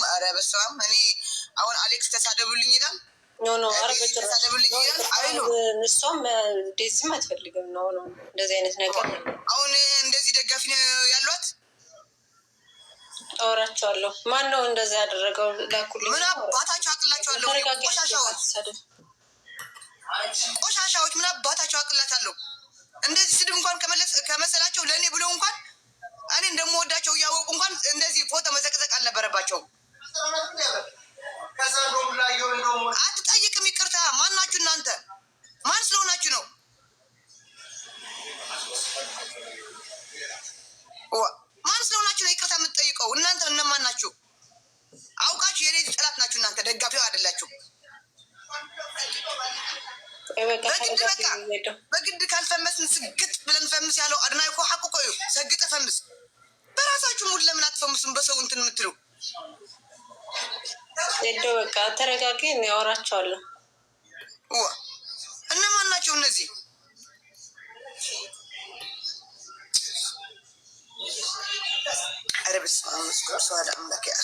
አይደሉም። አረ በስመ እኔ አሁን አሌክስ ተሳደቡልኝ ይላል። ተሳደቡልኝ ይላል አይሉ እሷም ዴዝም አትፈልግም ነው ነው እንደዚህ አይነት ነገር አሁን እንደዚህ ደጋፊ ነው ያሏት አወራቸዋለሁ። ማን ነው እንደዚህ ያደረገው? ላኩልኝ። ምን አባታቸው አቅላቸዋለሁ። ቆሻሻዎች ቆሻሻዎች ምን አባታቸው አቅላቸዋለሁ። እንደዚህ ስድብ እንኳን ከመሰላቸው ለእኔ ብሎ እንኳን እኔን ደግሞ አይደላችሁ እናንተ ደጋፊው አይደላችሁ። በግድ ካልፈመስን ስግጥ ብለን ፈምስ ያለው አድናይ እኮ ሀቁ ቆዩ ሰግጥ ፈምስ በራሳችሁ ሙድ ለምን አትፈምሱም? በሰው እንትን የምትሉ ዶ በቃ ተረጋጊ። ያወራቸዋለሁ። እነማን ናቸው እነዚህ? ረብስ ስርሰዋል አምላክ ያ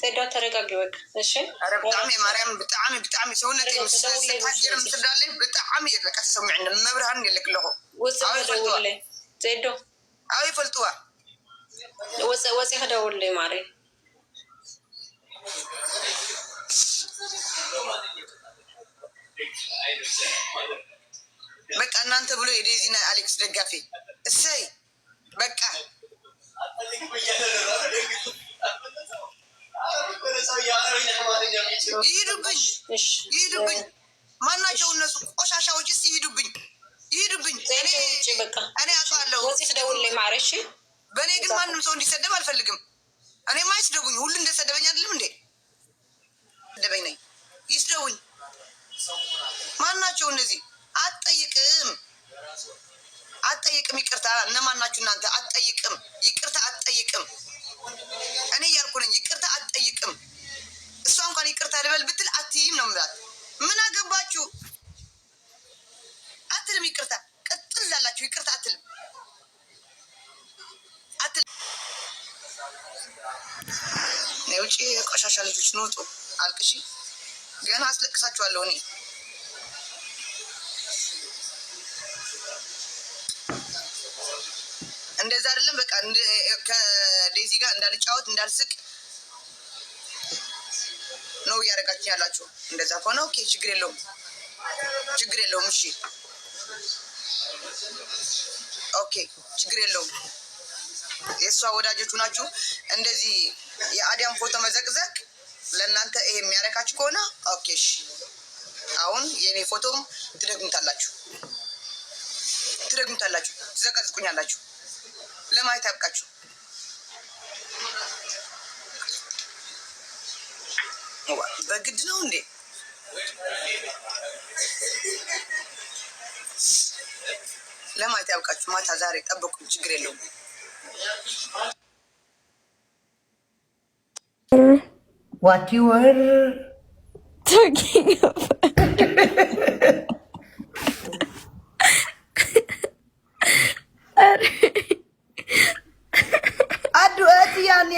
ዜዳ ተረጋጊ። በቃ እሺ። ኧረ ብጣዕሚ ማርያም ብጣዕሚ ብጣዕሚ ሰውነት ምስታጀር ምስዳለ ብጣዕሚ የበቃ ተሰሚዕኒ መብርሃን የለክ ኣለኹ ውፅእ ደውለይ ኣብ ይፈልጥዋ ውፅእ ወፂ ክደውለይ ማሪ በቃ እናንተ ብሎ የዴዚና ኣሌክስ ደጋፊ ይሄዱብኝ፣ ይሄዱብኝ። ማናቸው እነሱ ቆሻሻዎች? እስኪ ይሄዱብኝ፣ ይሄዱብኝ። እኔ አውቃለሁ። በእኔ ግን ማንም ሰው እንዲሰደብ አልፈልግም። እኔ ማ ሁሉ እንደሰደበኝ አይደለም እንዴ? ደበኝ ነኝ፣ ይስደቡኝ። ማናቸው እነዚህ? አትጠይቅም፣ አትጠይቅም። ይቅርታ እነማናችሁ እናንተ? አትጠይቅም፣ ይቅርታ አትጠይቅም። እኔ እያልኩ ነኝ፣ ይቅርታ አትጠይቅም። እሷ እንኳን ይቅርታ ልበል አትይም ነው ምላት። ምን አገባችሁ አትልም። ይቅርታ ቅጥል ላላችሁ ይቅርታ አትልም። ውጭ ቆሻሻ ልጆች ንወጡ አልቅሺ፣ ገና አስለቅሳችኋለሁ እኔ እንደዛ አይደለም። በቃ ከዴዚ ጋር እንዳልጫወት እንዳልስቅ ነው እያደረጋችሁ ያላችሁ። እንደዛ ከሆነ ኦኬ፣ ችግር የለውም፣ ችግር የለውም። እሺ፣ ኦኬ፣ ችግር የለውም። የእሷ ወዳጆቹ ናችሁ። እንደዚህ የአዲያም ፎቶ መዘቅዘቅ ለእናንተ ይሄ የሚያረካችሁ ከሆነ ኦኬ፣ እሺ። አሁን የእኔ ፎቶም ትደግምታላችሁ፣ ትደግምታላችሁ፣ ትዘቀዝቁኛላችሁ። ለማየት ያብቃችሁ። ግድ ነው እንዴ? ለማየት ያብቃችሁ። ማታ ዛሬ ጠብቁኝ፣ ችግር የለውም። What you were talking about?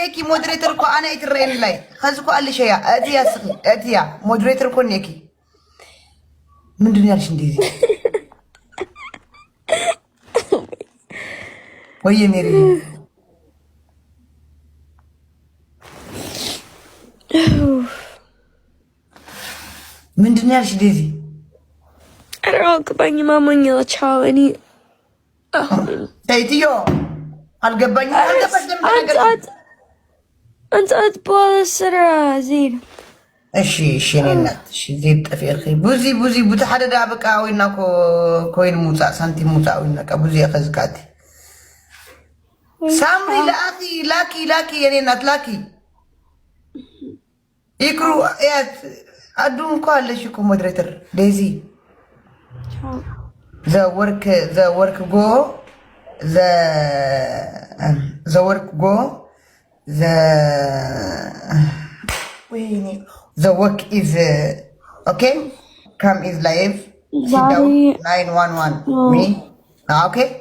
ኔኪ ሞዴሬተር እኮ አነ ኢትሬን ላይ ከዚ እኮ አልሸያ እትያ ስ እትያ ሞዴሬተር እኮ ኔኪ ምንድን ያልሽ እንደዚህ ወየ ሜሪ ምንድን ያልሽ እንደዚህ ኧረ አውቅባኝ ቻው እኔ ተይትዮ አልገባኝም አልገባሽ انت اطبال السرعة زين اشي شيني نات شي زيد طفي اخي بوزي بوزي بوت حدا دا بقى وينا كو كوين موتا سنتي موتا وينا كا بوزي اخذكاتي سامري لاكي لاكي لاكي يعني نات لاكي يكرو ايات ادون كو علاش كو مدرتر ديزي ذا ورك ذا ورك جو ذا ذا ورك جو the the work is uh, okay. Come is live. Nine one one. Me. Ah, okay.